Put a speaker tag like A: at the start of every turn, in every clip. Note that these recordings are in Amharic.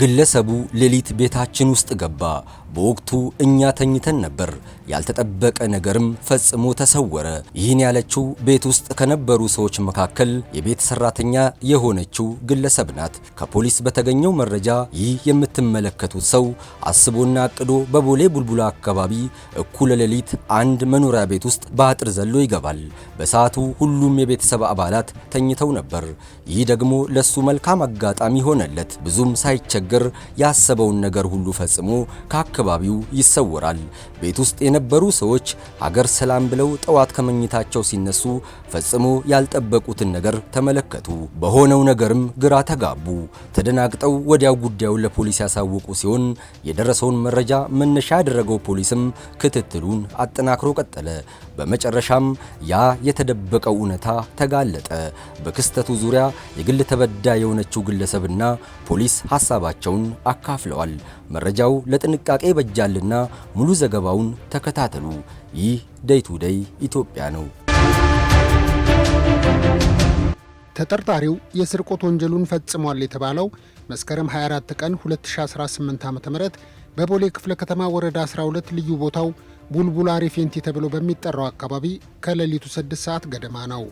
A: ግለሰቡ ሌሊት ቤታችን ውስጥ ገባ። በወቅቱ እኛ ተኝተን ነበር። ያልተጠበቀ ነገርም ፈጽሞ ተሰወረ። ይህን ያለችው ቤት ውስጥ ከነበሩ ሰዎች መካከል የቤት ሰራተኛ የሆነችው ግለሰብ ናት። ከፖሊስ በተገኘው መረጃ ይህ የምትመለከቱት ሰው አስቦና አቅዶ በቦሌ ቡልቡላ አካባቢ እኩለ ሌሊት አንድ መኖሪያ ቤት ውስጥ በአጥር ዘሎ ይገባል። በሰዓቱ ሁሉም የቤተሰብ አባላት ተኝተው ነበር። ይህ ደግሞ ለሱ መልካም አጋጣሚ ሆነለት። ብዙም ሳይቸ እንዳይቸግር ያሰበውን ነገር ሁሉ ፈጽሞ ከአካባቢው ይሰወራል። ቤት ውስጥ የነበሩ ሰዎች ሀገር ሰላም ብለው ጠዋት ከመኝታቸው ሲነሱ ፈጽሞ ያልጠበቁትን ነገር ተመለከቱ። በሆነው ነገርም ግራ ተጋቡ። ተደናግጠው ወዲያው ጉዳዩን ለፖሊስ ያሳወቁ ሲሆን የደረሰውን መረጃ መነሻ ያደረገው ፖሊስም ክትትሉን አጠናክሮ ቀጠለ። በመጨረሻም ያ የተደበቀው እውነታ ተጋለጠ። በክስተቱ ዙሪያ የግል ተበዳ የሆነችው ግለሰብና ፖሊስ ሀሳብ ሀሳባቸውን አካፍለዋል። መረጃው ለጥንቃቄ በጃልና ሙሉ ዘገባውን ተከታተሉ። ይህ ደይ ቱ ደይ ኢትዮጵያ ነው።
B: ተጠርጣሪው የስርቆት ወንጀሉን ፈጽሟል የተባለው መስከረም 24 ቀን 2018 ዓ.ም በቦሌ ክፍለ ከተማ ወረዳ 12 ልዩ ቦታው ቡልቡላ ሪፌንቲ ተብሎ በሚጠራው አካባቢ ከሌሊቱ 6 ሰዓት ገደማ ነው።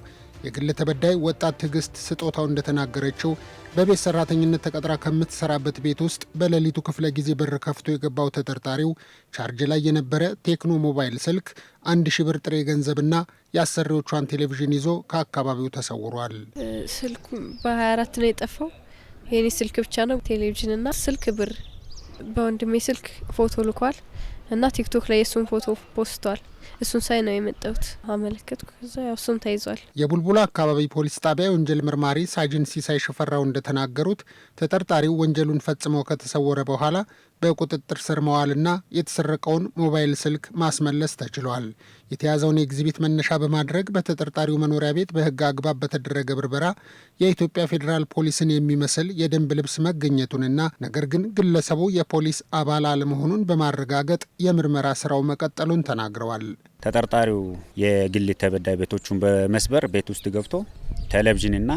B: የግል ተበዳይ ወጣት ትዕግስት ስጦታው እንደተናገረችው በቤት ሰራተኝነት ተቀጥራ ከምትሰራበት ቤት ውስጥ በሌሊቱ ክፍለ ጊዜ በር ከፍቶ የገባው ተጠርጣሪው ቻርጅ ላይ የነበረ ቴክኖ ሞባይል ስልክ፣ አንድ ሺ ብር ጥሬ ገንዘብና የአሰሪዎቿን ቴሌቪዥን ይዞ ከአካባቢው ተሰውሯል።
C: ስልኩ በ24 ነው የጠፋው። የኔ ስልክ ብቻ ነው ቴሌቪዥንና ስልክ ብር። በወንድሜ ስልክ ፎቶ ልኳል እና ቲክቶክ ላይ የእሱን ፎቶ ፖስቷል። እሱን ሳይ ነው የመጣሁት። አመለከትኩ። ከዛ ያው እሱም ተይዟል።
B: የቡልቡሎ አካባቢ ፖሊስ ጣቢያ የወንጀል ምርማሪ ሳጅን ሲሳይ ሽፈራው እንደተናገሩት ተጠርጣሪው ወንጀሉን ፈጽሞ ከተሰወረ በኋላ በቁጥጥር ስር መዋልና የተሰረቀውን ሞባይል ስልክ ማስመለስ ተችሏል። የተያዘውን ኤግዚቢት መነሻ በማድረግ በተጠርጣሪው መኖሪያ ቤት በህግ አግባብ በተደረገ ብርበራ የኢትዮጵያ ፌዴራል ፖሊስን የሚመስል የደንብ ልብስ መገኘቱንና ነገር ግን ግለሰቡ የፖሊስ አባል አለመሆኑን በማረጋገጥ የምርመራ ስራው መቀጠሉን ተናግረዋል።
D: ተጠርጣሪው የግል ተበዳይ ቤቶቹን በመስበር ቤት ውስጥ ገብቶ ቴሌቪዥንና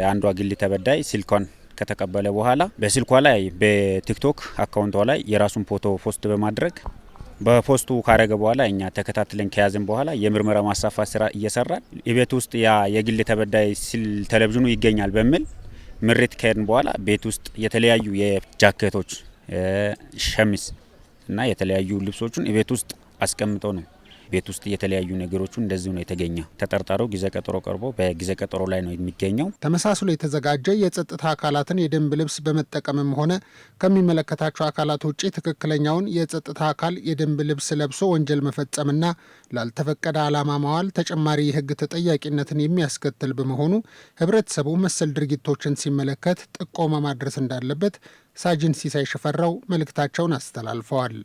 D: የአንዷ ግል ተበዳይ ስልኳን ከተቀበለ በኋላ በስልኳ ላይ በቲክቶክ አካውንቷ ላይ የራሱን ፎቶ ፖስት በማድረግ በፖስቱ ካረገ በኋላ እኛ ተከታትለን ከያዝን በኋላ የምርመራ ማሳፋት ስራ እየሰራን ቤት ውስጥ ያ የግል ተበዳይ ሲል ቴሌቪዥኑ ይገኛል በሚል ምሬት ከሄድን በኋላ ቤት ውስጥ የተለያዩ የጃኬቶች ሸሚዝ እና የተለያዩ ልብሶቹን ቤት ውስጥ አስቀምጠው ነው ቤት ውስጥ የተለያዩ ነገሮቹ እንደዚሁ ነው የተገኘ። ተጠርጣሪው ጊዜ ቀጠሮ ቀርቦ በጊዜ ቀጠሮ ላይ ነው የሚገኘው።
B: ተመሳስሎ የተዘጋጀ የጸጥታ አካላትን የደንብ ልብስ በመጠቀምም ሆነ ከሚመለከታቸው አካላት ውጭ ትክክለኛውን የጸጥታ አካል የደንብ ልብስ ለብሶ ወንጀል መፈጸምና ላልተፈቀደ ዓላማ ማዋል ተጨማሪ የህግ ተጠያቂነትን የሚያስከትል በመሆኑ ህብረተሰቡ መሰል ድርጊቶችን ሲመለከት ጥቆማ ማድረስ እንዳለበት ሳጅን ሲሳይ ሽፈራው መልእክታቸውን አስተላልፈዋል።